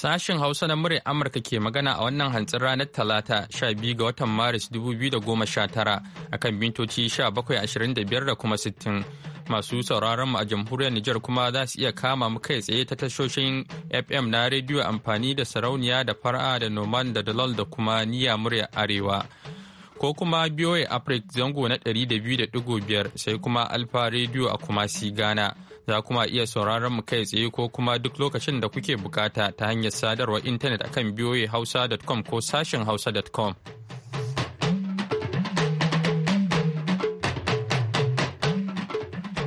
Sashen Hausa na murya Amurka ke magana a wannan hantsin ranar Talata 12 ga watan Maris 2019 kan mintoci 1725 da kuma 60. Masu sauraron mu a jamhuriyar Nijar kuma za su iya kama mu kai tsaye ta tashoshin FM na rediyo amfani da sarauniya da fara da Noman da dalal da kuma Niyya murya Arewa. Ko kuma BOA afrik zango na 200.5 sai kuma Alfa Radio a Kumasi Ghana. za kuma iya sauraron mu kai tsaye ko kuma duk lokacin da kuke bukata ta hanyar sadarwar intanet akan biyoyi hausa.com ko sashen hausa.com.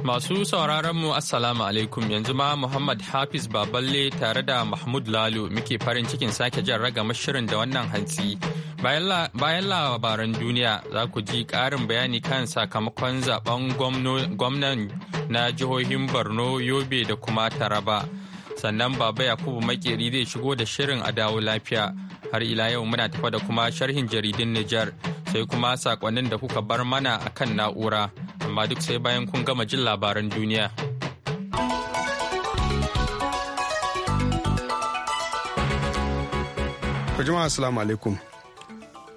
Masu sauraron mu Assalamu alaikum yanzu ma Muhammad Hafiz Baballe tare da Mahmud lalu muke farin cikin sake jan ragamar shirin da wannan hantsi. Bayan labaran duniya za ku ji ƙarin bayani kan sakamakon zaben gwamnan na jihohin Borno, Yobe da kuma Taraba. Sannan Baba Yakubu Makeri zai shigo da shirin a dawo lafiya. Har ila yau muna tafa da kuma sharhin jaridin Nijar sai kuma sakonnin da kuka bar mana a kan na'ura. amma duk sai bayan kun gama jin labaran duniya. jama'a assalamu alaikum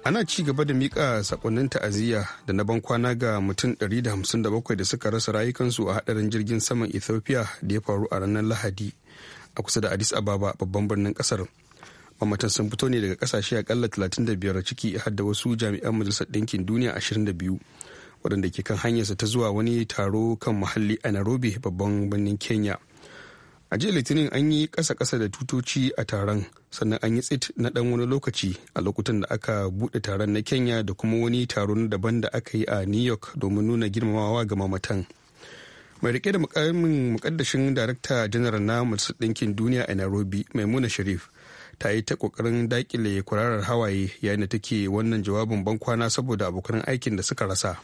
ana ci gaba da mika sakonnin ta'aziyya da na ban kwana ga mutum 157 da suka rasa rayukansu a hadarin jirgin saman ethiopia da ya faru a ranar lahadi a kusa da addis ababa babban birnin kasar mamatan sun fito ne daga kasashe akalla 35 ciki har da wasu jami'an majalisar ɗinkin duniya 22 waɗanda ke kan hanyarsa ta zuwa wani taro kan muhalli a nairobi babban birnin kenya a jiya litinin an yi ƙasa-ƙasa da tutoci a taron sannan an yi tsit na ɗan wani lokaci a lokutan da aka buɗe taron na kenya da kuma wani taro na daban da aka yi a new york domin nuna girmamawa ga mamatan mai rike da mukamin mukaddashin darakta janar na majalisar ɗinkin duniya a nairobi maimuna sharif ta yi ta ƙoƙarin dakile kwararar hawaye yayin da take wannan jawabin bankwana saboda abokan aikin da suka rasa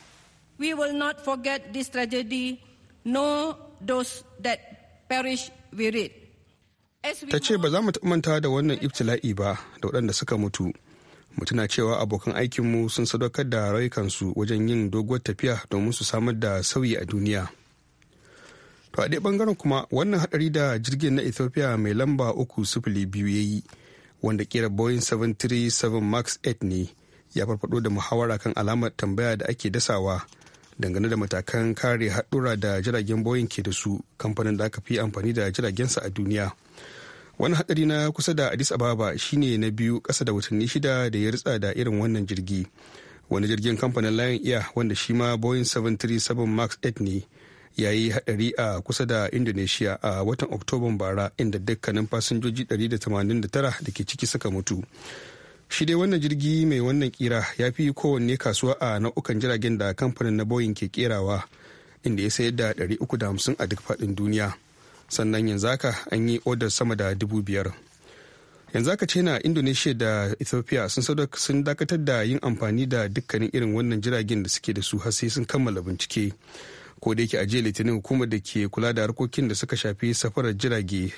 We will not forget this tragedy, nor those that perish with it. Ta ce ba za mu manta da wannan ibtila'i ba da waɗanda suka mutu. Mu tuna cewa abokan aikinmu sun sadaukar da rayukansu wajen yin doguwar tafiya domin su samar da sauyi a duniya. To a ɗaya ɓangaren kuma wannan haɗari da jirgin na Ethiopia mai lamba uku sifili biyu ya yi wanda kera Boeing 737 Max 8 ne ya farfado da muhawara kan alamar tambaya da ake dasawa dangane da matakan kare haɗura da jiragen boeing ke da su kamfanin da aka fi amfani da jiragensa a duniya wani haɗari na kusa da addis ababa shine na biyu ƙasa da watanni shida da ya ritsa da irin wannan jirgi wani jirgin kamfanin lion air wanda shi ma boeing 737 max 8 ne ya yi haɗari a kusa da indonesia a watan oktoban bara inda dukkanin fasinjoji 189 da ke ciki suka mutu shi dai wannan jirgi mai wannan kira ya fi kowanne kasuwa a nau'ukan jiragen da kamfanin na boeing ke kerawa inda ya sayar da 350 a duk faɗin duniya sannan yanzu haka an yi odar sama da 5,000 yanzu haka china indonesia da ethiopia sun dakatar da yin amfani da dukkanin irin wannan jiragen da suke da su har sai sun kammala bincike ko da yake ajiye litinin hukumar da ke kula da harkokin da suka shafi safarar jirage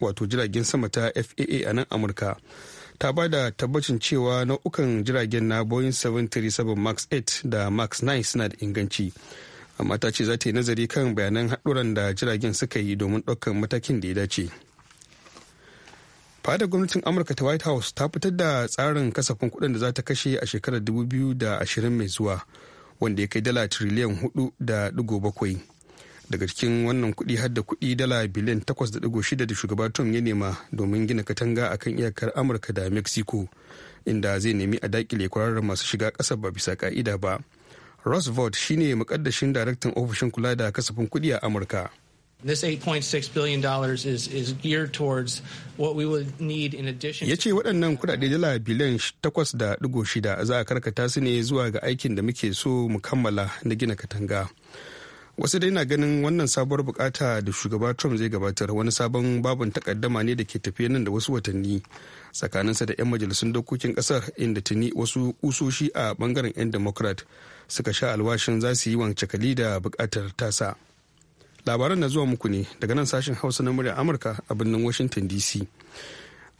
wato jiragen sama ta faa a nan amurka ta ba da tabbacin cewa nau'ukan jiragen na boeing 737 max 8 da max 9 suna da inganci amma ta ce za ta yi nazari kan bayanan haɗuran da jiragen suka yi domin ɗaukar matakin da ya dace fadar gwamnatin amurka ta white house ta fitar da tsarin kasafin kuɗin da za ta kashe a shekarar 2020 mai zuwa wanda ya kai dala triliyan 4.7 daga cikin wannan kudi har da kuɗi dala biliyan 8.6 da shugaba trump ya nema domin gina katanga a kan iyakar amurka da mexico inda zai nemi a dakile kwararren masu shiga kasa ba bisa ka'ida ba shi shine makaddashin daraktan ofishin kula da kasafin kudi a amurka Ya ce waɗannan kuɗaɗe dala biliyan 8.6 za a karkata su ne zuwa ga aikin da muke so mu kammala na gina katanga. wasu dai na ganin wannan sabuwar bukata da shugaba trump zai gabatar wani sabon babin takaddama ne da ke tafiya nan da wasu watanni tsakaninsa da 'yan majalisun dokokin kasar inda tuni wasu kusoshi a bangaren 'yan democrat suka sha alwashin za su yi wancakali da bukatar tasa labaran na zuwa muku ne daga nan sashen hausa na muryar amurka a birnin washington dc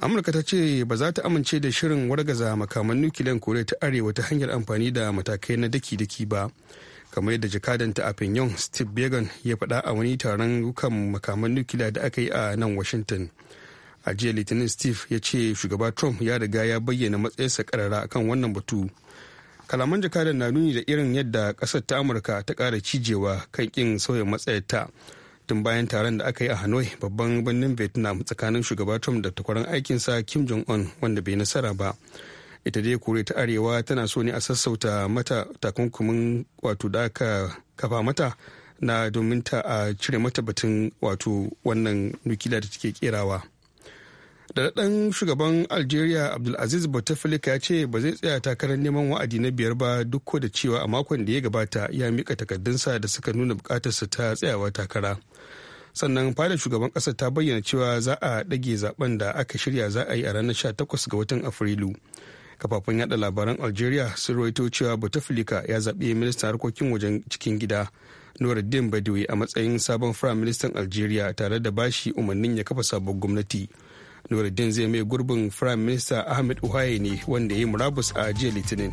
amurka ta ce ba za ta amince da shirin wargaza makaman nukiliyan koriya ta arewa ta hanyar amfani da matakai na daki-daki ba kamar yadda jakadanta a Pinyon steve began ya faɗa a wani taron rukan makaman nukiliya da aka yi a nan washington a jiya litinin steve ya ce shugaba trump ya riga ya bayyana matsayarsa karara kan wannan batu kalaman jakadan na nuni da irin yadda kasar ta amurka ta kara cijewa kan ƙin sauya matsayarta tun bayan taron da aka yi a hanoi babban birnin vietnam tsakanin shugaba trump da takwaran aikinsa kim jong-un wanda bai nasara ba ita dai kore ta arewa tana so ne a sassauta mata takunkumin wato da aka kafa mata na domin ta a cire mata batun wato wannan nukila da take kerawa da ɗan shugaban algeria abdulaziz bouteflika ya ce ba zai tsaya takarar neman wa'adi na biyar ba duk da cewa a makon da ya gabata ya mika takardunsa da suka nuna bukatarsa ta tsayawa takara sannan fadar shugaban ƙasar ta bayyana cewa za a ɗage zaben da aka shirya za a yi a ranar 18 ga watan afrilu kafafen yada labaran algeria sun rawaito cewa bouteflika ya zaɓi ministan harkokin wajen cikin gida nuruddin badawi a matsayin sabon firayim ministan algeria tare da bashi umarnin ya kafa sabon gwamnati nuruddin zai mai gurbin firayim minista ahmed uhaye ne wanda ya yi murabus a jiya litinin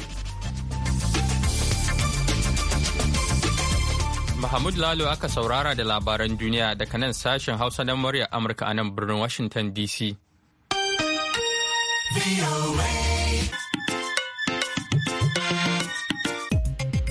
mahmud lalo aka saurara da labaran duniya daga nan sashen hausa na murya amurka a nan birnin washington dc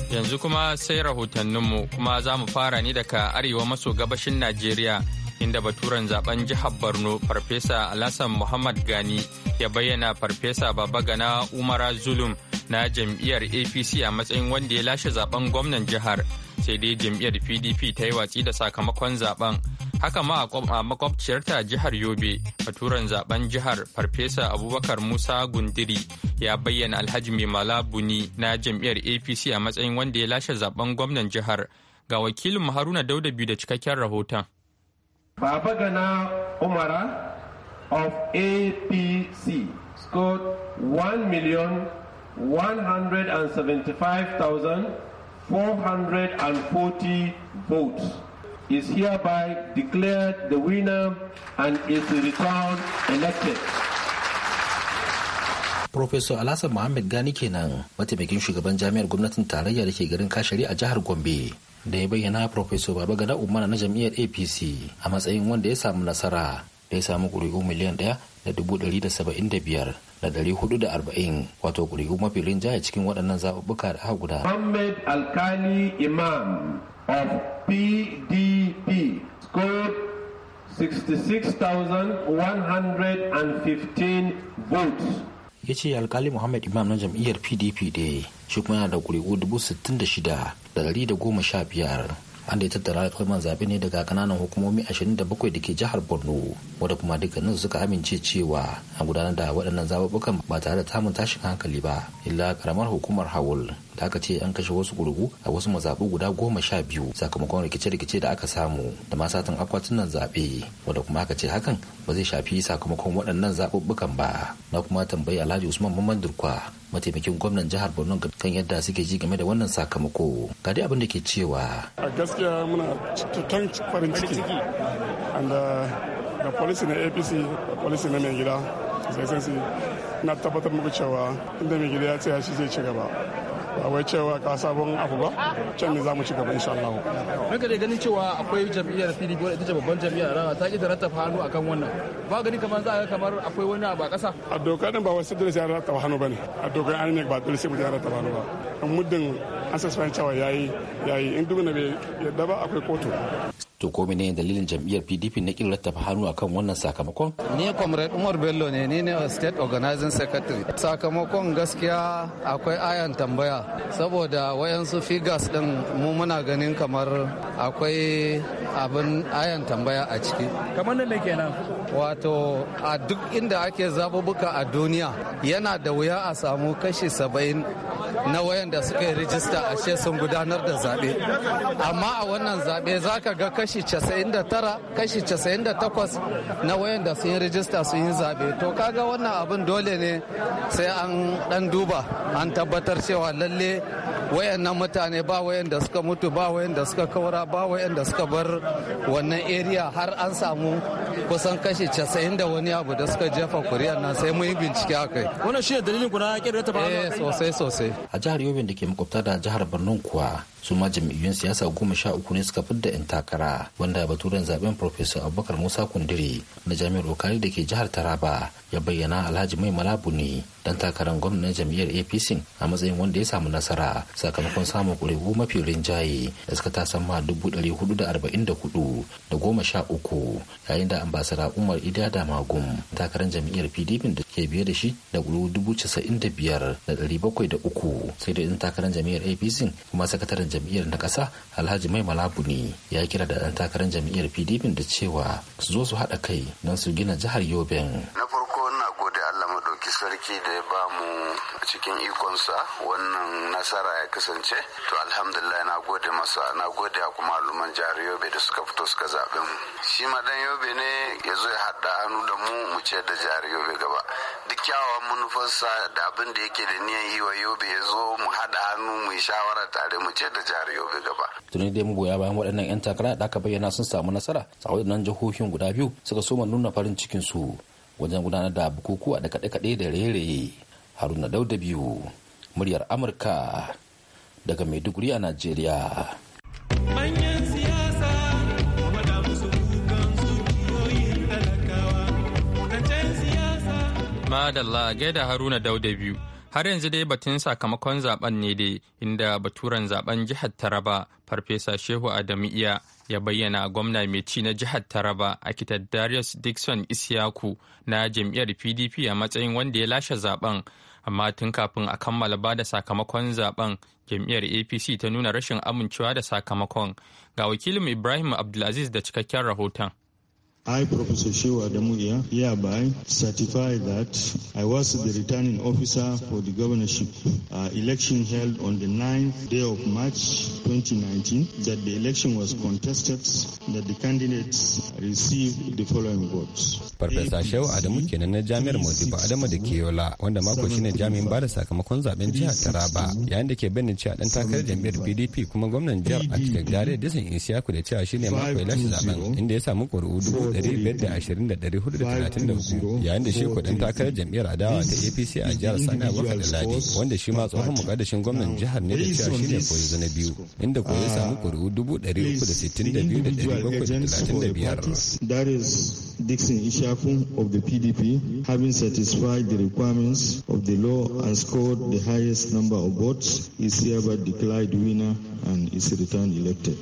Yanzu kuma sai rahotanninmu kuma za mu fara ne daga arewa maso gabashin Najeriya inda baturen zaben jihar Borno Farfesa Alhassan Muhammad Gani ya bayyana Farfesa Baba Gana Umara Zulum na jam'iyyar APC a matsayin wanda ya lashe zaben gwamnan jihar sai dai jam'iyyar PDP ta yi watsi da sakamakon zaben. haka ma a makwabciyarta jihar yobe baturen zaben jihar farfesa abubakar musa gundiri ya bayyana alhaji mai malabuni na jam'iyyar apc a matsayin wanda ya lashe zaben gwamnan jihar ga wakilin haruna dauda biyu da cikakken rahoton baba gana umara of apc scored 1 million 175,440 votes is hereby declared the winner and is returned elected. Professor Alhassan Mohammed Gani kenan mataimakin shugaban jami'ar gwamnatin tarayya da ke garin Kashari a jihar Gombe da ya bayyana Professor Babagana Umar na jam'iyyar APC a matsayin wanda ya samu nasara da ya samu ƙuri'u miliyan ɗaya da dubu ɗari da saba'in da biyar da 440 wato ƙuri'u mafi rinjaye cikin waɗannan zaɓuɓɓuka da aka guda. Muhammad Alkali Imam of PDP scored 66,115 votes. ya ce alkali muhammad imam na jam'iyyar pdp da shi kuma yana da ƙuri'u 66,115 an da ya tattara kalman zaɓe ne daga kananan hukumomi 27 da ke jihar borno wadda kuma dukkanin suka amince cewa a gudanar da waɗannan zaɓuɓɓukan ba tare da tamun tashin hankali ba illa karamar hukumar hawul da aka ce an kashe wasu gurgu a wasu mazaɓu guda goma sha biyu sakamakon rikice-rikice da aka samu da ma satan akwatunan zaɓe wanda kuma aka ce hakan ba zai shafi sakamakon waɗannan zaɓuɓɓukan ba na kuma tambayi alhaji usman mamman durkwa mataimakin gwamnan jihar borno kan yadda suke ji game da wannan sakamako ga dai abin da ke cewa a gaskiya muna cikakken farin ciki da uh, polisi na apc da polisi na mai gida sai na tabbatar muku cewa inda mai gida ya ce shi zai ci gaba ba wai cewa ka sabon abu ba can ne za mu ci gaba insha Allah duka dai ganin cewa akwai jam'iyyar PDP wadda ita ce babban jam'iyyar rana ta ki da rattafa hannu akan wannan ba gani kamar za a kamar akwai wani abu a kasa. a dokar ba wasu dole sai rattafa hannu bane a dokar an ne ba dole sai mu rattafa hannu ba muddin an sassan cewa ya yi in duk bai yadda ba akwai kotu to ko ne dalilin jam'iyyar pdp na kin rattafa hannu akan wannan sakamakon ni comrade umar bello ne ni ne state organizing secretary sakamakon gaskiya akwai ayan tambaya saboda wayansu figures din mu muna ganin kamar akwai abin ayan tambaya a ciki kamar nan kenan wato a duk inda ake zabubuka a duniya yana da wuya a samu kashi saba'in na wayanda suka yi rijista ashe sun gudanar da zaɓe amma a wannan zaɓe za ka ga kashi 99 kashi 98 na wayanda sun yi rijista sun yi zaɓe to kaga wannan abin dole ne sai an ɗan duba an tabbatar cewa lalle wayannan mutane ba wayanda suka mutu ba wayanda suka kaura ba wayanda suka bar wannan area har an samu kusan kashi 90 da wani abu da suka jefa kuriya na sai mun yi bincike a kai wannan shi ne dalilin ku na kirkira ta ba eh, sosai sosai a jihar Yobe da ke makwabta da jihar Borno kuwa su ma jam'iyyun siyasa goma sha uku ne suka fidda 'yan takara wanda baturen zaben professor abubakar musa kundire na jami'ar okari da ke jihar taraba ya bayyana alhaji mai malabu ne dan takarar gwamnan jam'iyyar apc a matsayin wanda ya samu nasara sakamakon samun ƙuri'u mafi rinjaye da suka tasan ma dubu ɗari hudu da arba'in da hudu da goma sha uku yayin da ambasara umar idada magum takarar jam'iyyar pdp da ke biye da shi da ƙuri'u dubu casa'in da biyar da ɗari bakwai da uku sai da ɗan takarar jam'iyyar apc kuma sakataren jam'iyyar na kasa alhaji mai malabu ne ya kira da ɗan takarar jam'iyyar pdp da cewa su zo su haɗa kai don su gina jihar yoben ɗauki sarki da ya ba mu cikin ikonsa wannan nasara ya kasance to alhamdulillah na gode masa na gode kuma aluman jihar yobe da suka fito suka zaɓe mu shi ma dan yobe ne ya zo ya haɗa hannu da mu mu ce da jihar yobe gaba duk kyawawan manufarsa da abin da yake da niyan yi wa yobe ya zo mu haɗa hannu mu yi shawara tare mu ce da jihar yobe gaba tuni dai goya bayan waɗannan 'yan takara da aka bayyana sun samu nasara a waɗannan jihohin guda biyu suka soma nuna farin cikin su wajen gudanar da bukukuwa da kaɗe-kaɗe da raye-raye haruna dauda biyu muryar amurka daga maiduguri a najeriya madalla gaida haruna dauda biyu har yanzu dai batun sakamakon zaben ne dai inda baturen zaben jihar taraba farfesa shehu adamu iya ya bayyana gwamna mai ci na jihar taraba akitar darius dixon isiyaku na jam'iyyar pdp a matsayin wanda ya lashe zaben amma tun kafin a kammala ba da sakamakon zaben jam'iyyar apc ta nuna rashin amincewa da sakamakon ga wakilin ibrahim abdulaziz da cikakken rahoton I, Professor Shewa Damuya, hereby certify that I was the returning officer for the governorship uh, election held on the 9th day of March 2019, that the election was contested, that the candidates received the following votes. Farfesa Shewa Adamu kenan na Jami'ar Modibo Adamu da Keola wanda mako shine jami'in ba da sakamakon zaben jihar Taraba, yayin da ke bayyana cewa dan takarar jam'iyyar PDP kuma gwamnan jihar a cikin gare Disan Isiyaku da cewa shine mako ya lashe zaben inda ya samu ƙuri'u dubu 520,434 yayin da shi kudin takarar jam'iyyar adawa ta apc a jihar sani da ladi wanda shi ma tsohon mukaddashin gwamnan jihar ne da cewa shi ne koyi na biyu inda koyi ya samu kuri'u 362,735 that is of the pdp having satisfied the requirements of the law and scored the highest number of votes declared winner and is returned elected.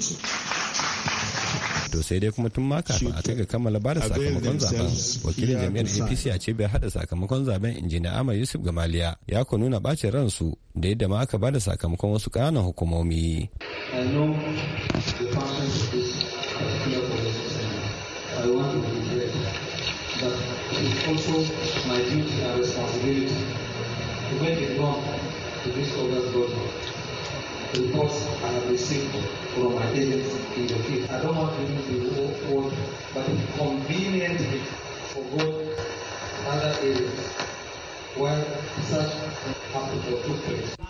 to sai dai kuma tun ma kafin a kai ga kammala bada sakamakon zaben wakilin jami'ar apc a ce bai hada sakamakon zaben injiniya ahmad yusuf gamaliya ya ku nuna bacin ransu da yadda ma aka bada sakamakon wasu kananan hukumomi also my duty to make it known to this august body the thoughts I have received from my business in the field. I don't want to use the word, but it's convenient for both other areas where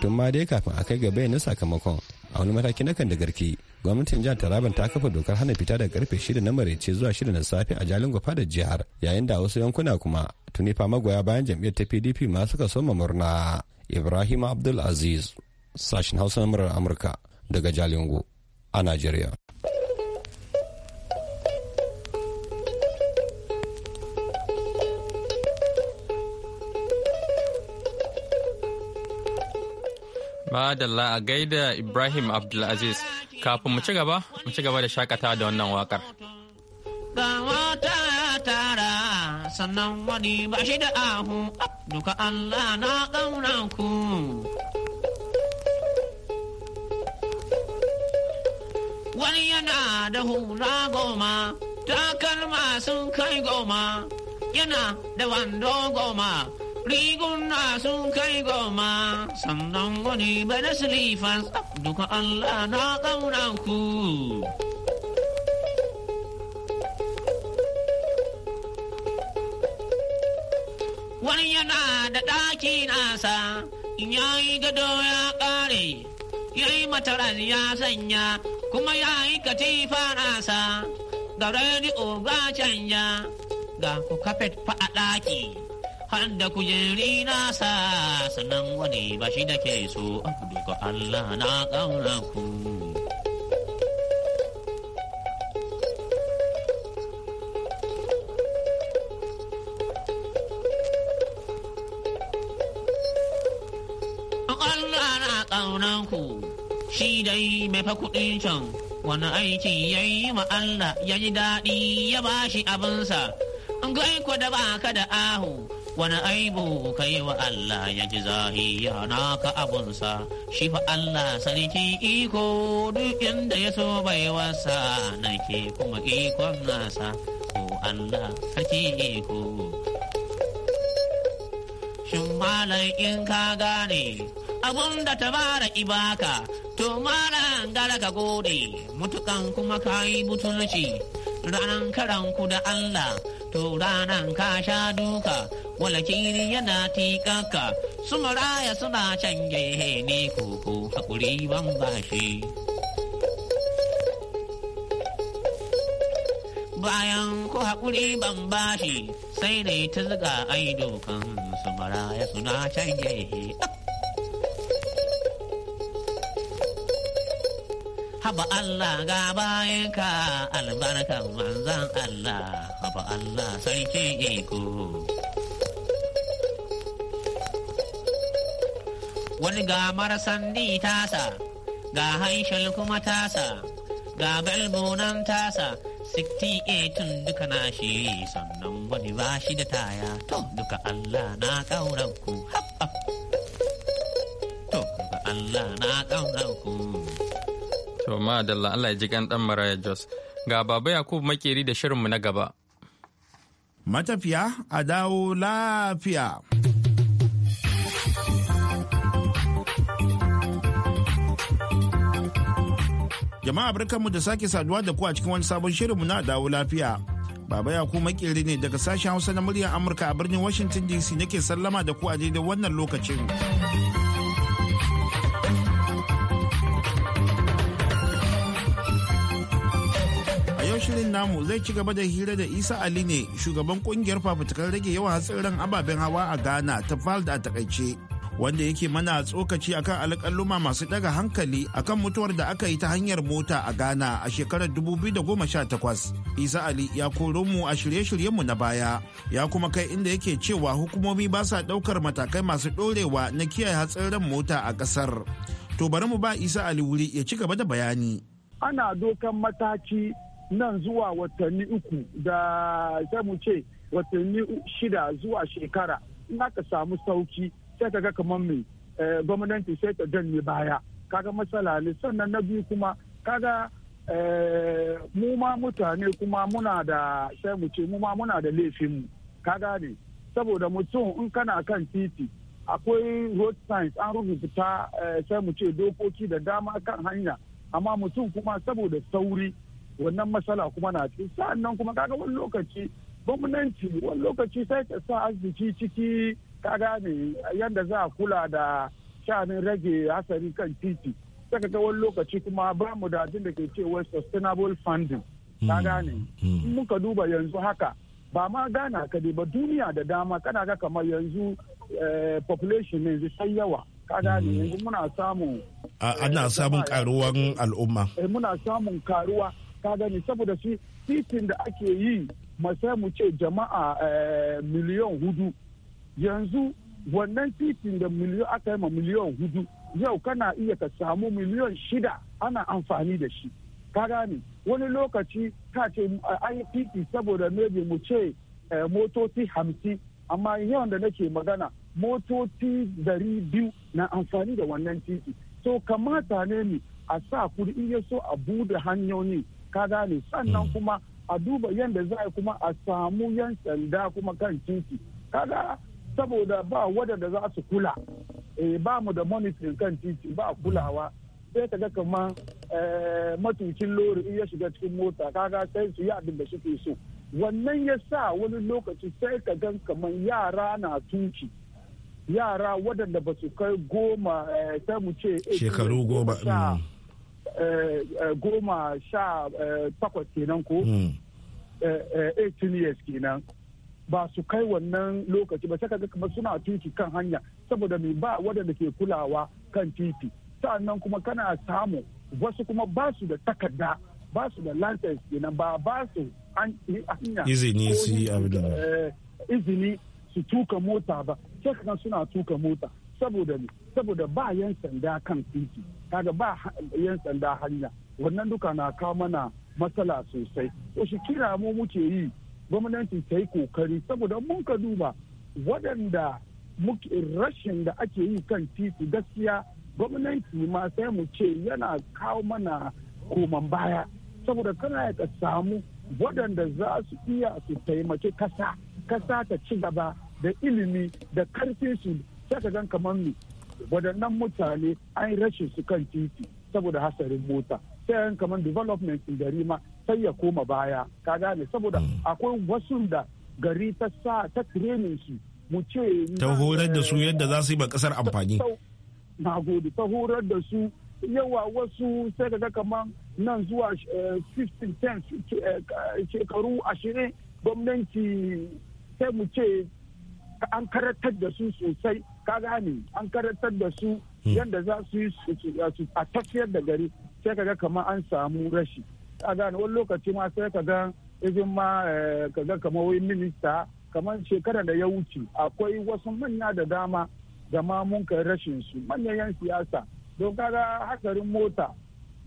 Tun ma dai kafin a kai ga na sakamakon a wani mataki na kan da garki gwamnatin jihar taraban ta kafa dokar hana fita da karfe shida na maraice zuwa shida na safe a jalin gwafa da jihar yayin da wasu yankuna kuma tuni fa magoya bayan jam'iyyar ta pdp ma suka soma murna ibrahim abdul aziz sashen hausa na murar amurka daga jalingo a Najeriya. Madalla a gaida Ibrahim Abdulaziz kafin mu ci gaba, mu ci gaba da shakata da wannan wakar. sannan wani ba shi da ahu duka Allah na ƙaunanku. ku. yana da hura goma takalma sun kai goma yana da wando goma riguna sun kai goma sannan wani bada silifan duka Allah na ƙaunanku. Wani yana da ɗaki nasa, in yayi gado ya ƙare. yayi mataran ya sanya kuma ya yi katifa nasa ga rediyo ga canja ga ku kafet fa a ɗaki har da kujeri nasa sanan wani ba shi da ke so abu ga Allah na ƙaunar ku. Allah na ƙaunanku. ku. shi dai mai fa kuɗin can wani aiki ya yi Allah ya ji daɗi ya ba shi abinsa gai ku da ba ka da ahu wani aibu ka yi wa Allah ya ji na naka abunsa shi fa Allah sarki iko duk inda ya so bai wasa nake kuma ikon nasa ko Allah sarki iko shin malam in ka gane abun da ta bara ibaka To maran gara ka gode, mutukan kuma ka yi butulci, ranan karanku da Allah, to ranar ka sha duka, wala kiri yana tikaka, su maraya suna canje ne koko hakuri ban bashi. Bayan ku haƙuri ban bashi, sai dai ta zuga aido dokan su maraya suna canje haba Allah ga bayanka albarkan manzan Allah haba Allah sarki iko wani ga marasan ni tasa ga haishal kuma tasa ga belbunan tasa 68 duka na shi sannan wani ba shi da taya to duka Allah na kaunar ku to duka Allah na kaunar ku To madalla Allah ya ji kan dan Maraya Jos. Ga Baba Yakubu Makeri da shirinmu na gaba. Matafiya a dawo lafiya. Jama'a barkanmu da sake saduwa da ku a cikin wani sabon shirin mu na dawo lafiya. Baba Yakubu Makeri ne daga sashen Hausa na muryar Amurka a birnin Washington DC nake sallama da ku a daidai wannan lokacin. shirin namu zai ci gaba da hira da Isa Ali ne shugaban kungiyar fafutukar rage yawan hatsarin ababen hawa a Ghana ta falda a takaice. Wanda yake mana tsokaci akan alkaluma masu daga hankali akan mutuwar da aka yi ta hanyar mota a Ghana a shekarar 2018. Isa Ali ya koro mu a shirye-shiryenmu na baya, ya kuma kai inda yake cewa hukumomi ba sa ɗaukar matakai masu ɗorewa na kiyaye hatsarin mota a ƙasar. To bari mu ba Isa Ali wuri ya ci gaba da bayani. Ana dokan mataki nan zuwa watanni uku da sai mu ce watanni shida zuwa shekara in aka samu sauki sai ka ga kamar mai eh, gwamnati sai ka danne baya kaga matsala ne sannan na biyu kuma kaga eh, mu ma mutane kuma muna da sai mu ce mu ma muna da laifinmu kaga ne saboda mutum in kana kan titi akwai road signs an rubuta eh, sai mu ce dokoki da dama kan hanya amma mutum kuma saboda sauri wannan matsala kuma na ci sa'an nan kuma kaga wani lokaci gwamnati wani lokaci sai ta sa arziki ciki ka gane yadda za a kula da sha'anin rage hasari kan titi saka ga wani lokaci kuma ba mu da abin da ke cewa sustainable funding ka hmm. gane hmm. muka duba yanzu haka ba ma gana ka ba duniya da dama kana ga kamar yanzu eh, population yanzu sai yawa ka gane hmm. yanzu muna samun ana eh, samun karuwan al'umma eh, muna samun karuwa ka gani saboda shi titin da ake yi masai mu ce jama'a eh, miliyan hudu yanzu wannan titin da miliyan aka yi ma miliyan hudu yau kana iya ka samu miliyan shida ana amfani da shi ka gani wani lokaci ka ce an yi titi saboda maybe mu ce eh, motoci hamsin amma yawan da nake magana motoci dari biyu na amfani da wannan titi to kamata ne ni a sa kudi in ya so a bude hanyoyi ka gane sannan hmm. kuma a duba yadda za a kuma a samu yan sanda kuma kan titi kaga saboda ba da za su kula eh, ba mu da monitoring kan titi ba kulawa sai ka ga kama eh, matukin lori in ya shiga cikin mota kaga sai su yi abin da suke so wannan ya sa wani lokaci sai ka gan kamar yara na tuki yara waɗanda ba su kai goma eh, sai mu ce shekaru goma Eh, eh, goma sha eh, takwas kenan ko 18 hmm. years kenan ba su kai wannan lokaci ba saka ga suna titi kan hanya saboda mai ba wadanda ke kulawa kan titi sa'annan kuma kana samu wasu kuma ba su da takarda ba su da lantarki kenan ba ba su hanya izini su izini su tuka mota ba sai suna tuka mota saboda ba yan sanda kan titi kaga ba yan sanda hanya wannan duka na kawo mana matsala sosai to kira mu muke yi gwamnati ta yi kokari saboda mun ka duba waɗanda rashin da ake yi kan titi gaskiya gwamnati ma sai mu ce yana kawo mana koman baya saboda kana ya samu waɗanda za su iya su taimaki kasa kasa ta ci gaba da ilimi da karfin su sai ka gan kamar ni waɗannan mutane an rashin su kan titi saboda hasarin mota sai yan kamar development gari ma sai ya koma baya ka gane saboda mm. akwai wasu da gari ta sa ta training su mu ce ta horar da su yadda za su yi ba kasar amfani na gode ta horar da su yawa wasu sai ka ga kamar nan zuwa 15 eh, eh, shekaru ashirin gwamnati sai mu ce an karantar da su sosai ka gane an karantar da su hmm. yadda za su yi a tafiyar da gari sai kaga kamar an samu rashi ka gane wani lokaci ma sai ka ga izin ma eh, ka ga kamar wai minista kamar shekara da ya wuce akwai wasu manya da dama da ma kai rashin su manyan yan siyasa don kaga hatsarin mota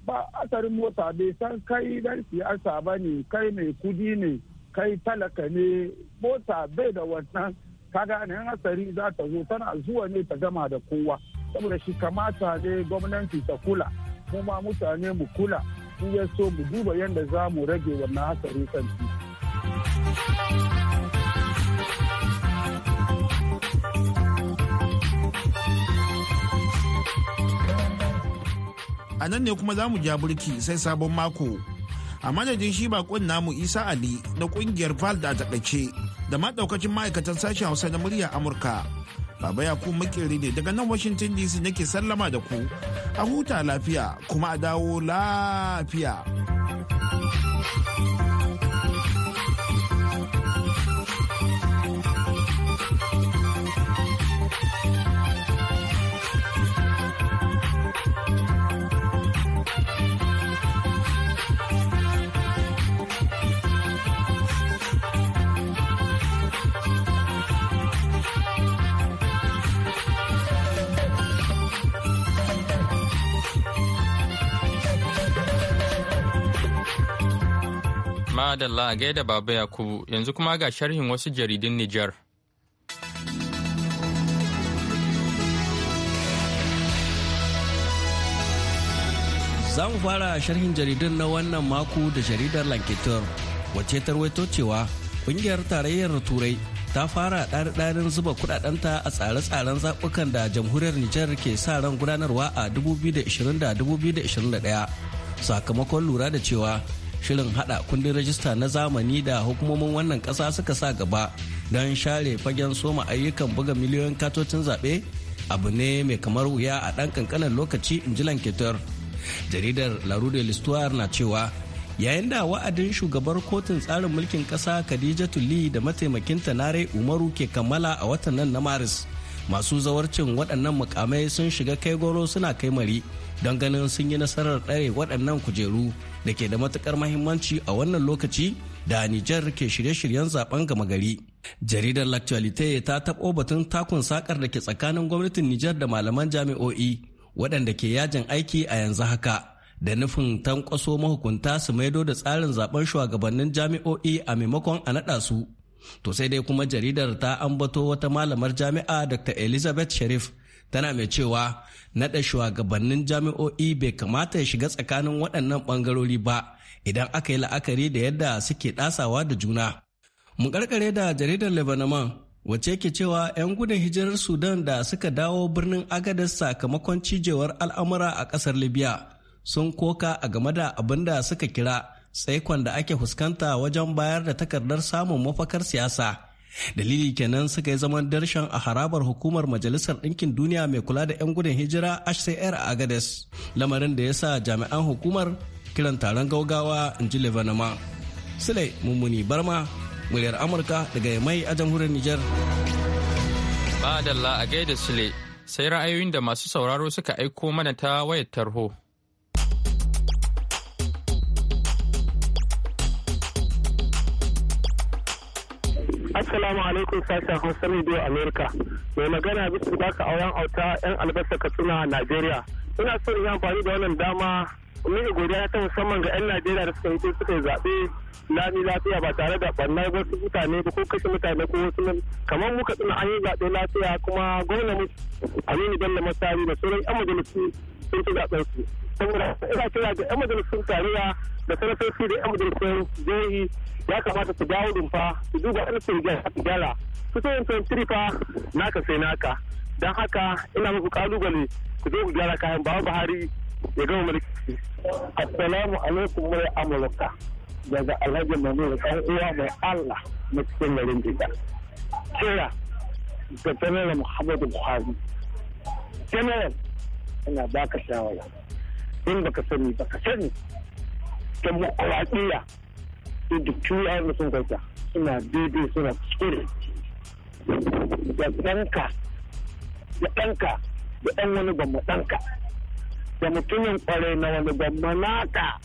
ba hasarin mota bai san kai dan siyasa ba ne kai mai kudi ne kai talaka ne mota bai da wannan kaga yan hatsari za ta zo tana zuwa ne ta gama da kowa saboda shi kamata ne gwamnati ta kula kuma mutane mu kula in ya so mu duba yadda za mu rage wannan hatsari kan a nan ne kuma za mu ja burki sai sabon mako a madadin shi bakon namu isa ali na kungiyar Valda da takaice da ma daukacin ma'aikatan sashen hausa na murya amurka baba ya ku makiri ne daga nan washington dc nake sallama da ku a huta lafiya kuma a dawo lafiya Adalla a gaida baba yakubu yanzu kuma ga sharhin wasu jaridun Nijar. Za mu fara sharhin jaridun na wannan mako da jaridar Lankitur, wacce tarwaito cewa kungiyar tarayyar Turai ta fara ɗari-ɗarin zuba kudadenta a tsare-tsaren zaɓukan da jamhuriyar Nijar ke sa ran gudanarwa a 2020-2021 sakamakon lura da cewa shirin hada kundin rajista na zamani da hukumomin wannan kasa suka sa gaba don share fagen soma ayyukan buga miliyoyin katocin zaɓe abu ne mai kamar wuya a ɗan ƙanƙanin lokaci in ji lanketar jaridar larude listuwar na cewa yayin da wa'adin shugabar kotun tsarin mulkin ƙasa khadijatu lee da mataimakinta nare umaru ke kammala a watan nan na maris masu zawarcin waɗannan mukamai sun shiga kai goro suna kai mari don ganin sun yi nasarar ɗare waɗannan kujeru da ke da matukar mahimmanci a wannan lokaci da Nijar ke shirye-shiryen zaben gama gari. Jaridar L'Actualité ta taɓo batun takun sakar da ke tsakanin gwamnatin Nijar da malaman jami'o'i waɗanda ke yajin aiki a yanzu haka. da nufin tankwaso mahukunta su maido da tsarin zaben shugabannin jami'o'i a maimakon a naɗa su To sai dai kuma jaridar ta ambato wata malamar jami'a Dr. Elizabeth Sharif tana mai cewa naɗa shugabannin jami'o'i bai kamata ya shiga tsakanin waɗannan ɓangarori ba idan aka yi la'akari da yadda suke ɗasawa da juna. Mun karkare da jaridar Lebanon wace ke cewa 'yan gudun hijirar Sudan da suka dawo birnin agadas sakamakon cijewar al'amura a ƙasar Libya sun koka a game da abin da suka kira tsaikon da ake fuskanta wajen bayar da takardar samun mafakar siyasa dalili kenan suka yi zaman darshen a harabar hukumar majalisar ɗinkin duniya mai kula da 'yan gudun hijira hcr a agades lamarin da ya sa jami'an hukumar kiran taron gaugawa in ji levanama sule mummuni barma muryar amurka daga mai a jamhuriyar Nijar. ba a gaida sule sai ra'ayoyin da masu sauraro suka aiko mana ta wayar tarho Assalamu alaikum sashen Hausa Radio America. Mai magana bisu ka auren auta 'yan albasa Katsina Najeriya. Ina so yi amfani da wannan dama yi godiya ta musamman ga 'yan Najeriya da suka hito suka zaɓe lami lafiya ba tare da ɓannar wasu mutane ba ko kashe mutane ko wasu nan kamar muka katsina an yi zaɓe lafiya kuma gwamnati Aminu Bello Masari da sauran 'yan majalisu sun ci zaɓen su saboda ina kira ga 'yan majalisun tarayya da sanatoci da 'yan majalisun jihohi ya kamata su dawo rumfa su duba arzikin gyara su ta yin 23 fa naka sai naka don haka ina muku kalubale ku zo ku gyara kayan bawa buhari ya gama mulki assalamu alaikum wa amurka daga alhaji mamuru ɗan uwa mai allah na cikin garin jida kira da janar muhammadu buhari janar ina baka shawara in baka sani baka sani demokuraɗiyya da tuya da sun kwanta suna daidai suna kuskure da ɗanka da ɗanka da ɗan wani gwamma ɗanka da mutumin ƙwarai na wani gwamma naka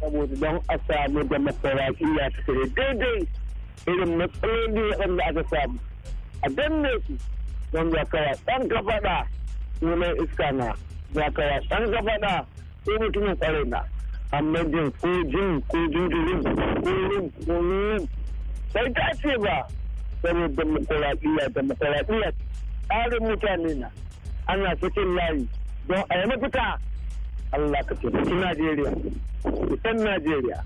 saboda don a samu masarafiya ta kare daidai irin matsaloli wanda aka samu a danne su don ya kawa ɗan ka faɗa sunan iska na ya kaya ɗan gaba da ko mutumin kwarai na amma jin ko jin ko jinjirin ko yin ko yin sai ta ce ba saboda demokuraɗiyya demokuraɗiyya tsarin mutane na ana cikin layi don a yi mafita Allah ka ce cikin Najeriya fitan Najeriya.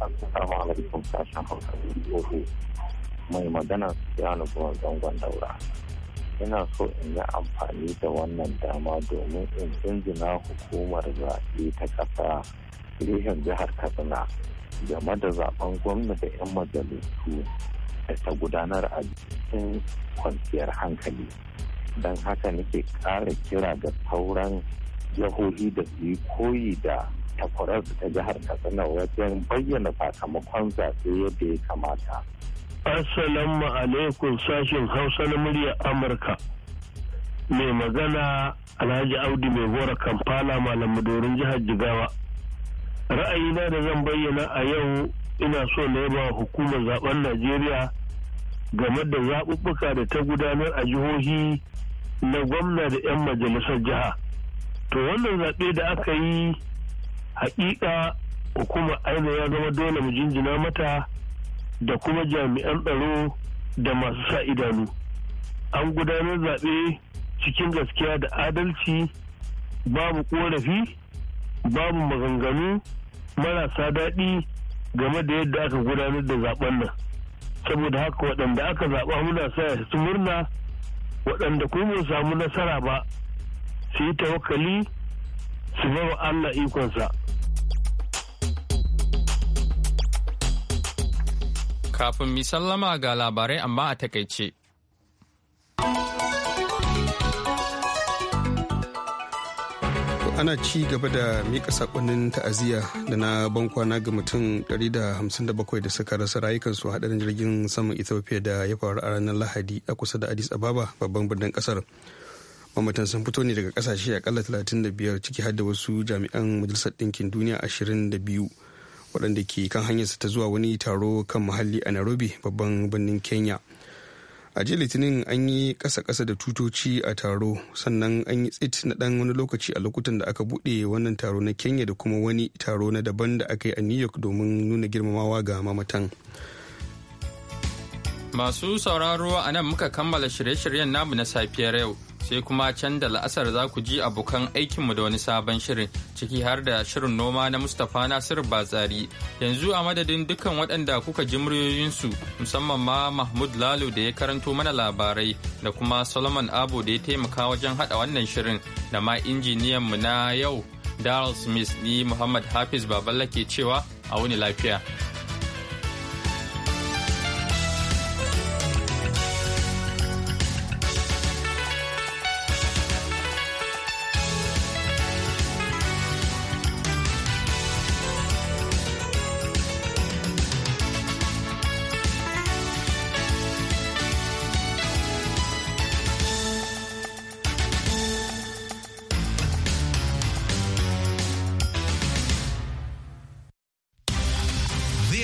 Assalamu alaikum sashen Hausa mai magana Siyanu Buwan Zangon Daura. ina so in yi amfani da wannan dama domin in jinjina hukumar zaɓe ta ƙasa rihin jihar katsina game da zaben gwamna da 'yan majalisu da ta gudanar a cikin kwanciyar hankali don haka nake ƙara kira ga sauran jihohi da su koyi da takwarar ta jihar katsina wajen bayyana sakamakon zaɓe yadda ya kamata Assalamu alaikum sashen Hausa na murya Amurka. Mai magana Alhaji Audu mai gora Kampala Malam Madorin jihar Jigawa. Ra'ayina da zan bayyana a yau ina so na yaba hukumar zaben Najeriya game da zaɓuɓɓuka da ta gudanar a jihohi na gwamna da 'yan majalisar jiha. To wannan zaɓe da aka yi hakika hukumar aina ya zama dole mu jinjina mata. da kuma jami'an tsaro da masu sa idanu an gudanar zaɓe cikin gaskiya da adalci babu korafi babu maganganu marasa daɗi game da yadda aka gudanar da zaɓen nan saboda haka waɗanda aka zaɓa muna sa su murna waɗanda kuma samu nasara ba su yi tawakali su bawa Allah ikonsa. Kafin mi ga labarai amma a takaice. ana ci gaba da miƙa saƙonin ta'aziyya da na bankwana ga mutum 157 da suka rasa rayukansu haɗarin jirgin saman ethiopia da ya faru a ranar lahadi a kusa da addis ababa babban birnin kasar mamatan sun fito ne daga kasashe akalla 35 ciki har da wasu jami'an majalisar ɗinkin duniya 22 waɗanda ke kan hanyarsa ta zuwa wani taro kan muhalli a nairobi babban birnin kenya a jiya litinin an yi ƙasa-ƙasa da tutoci a taro sannan an yi tsit na ɗan wani lokaci a lokutan da aka buɗe wannan taro na kenya da kuma wani taro na daban da aka yi a new york domin nuna girmamawa ga mamatan masu sauraro a nan muka kammala shirye-shiryen namu na safiyar yau sai kuma can da la'asar za ku ji abokan aikinmu da wani sabon shirin ciki har da shirin noma na mustapha nasir batsari yanzu a madadin dukkan waɗanda kuka ji muryoyinsu musamman ma mahmud lalo da ya karanto mana labarai da kuma solomon abu da ya taimaka wajen haɗa wannan shirin da ma injiniyanmu na yau daryl smith ni muhammad hafiz baballa ke cewa a wuni lafiya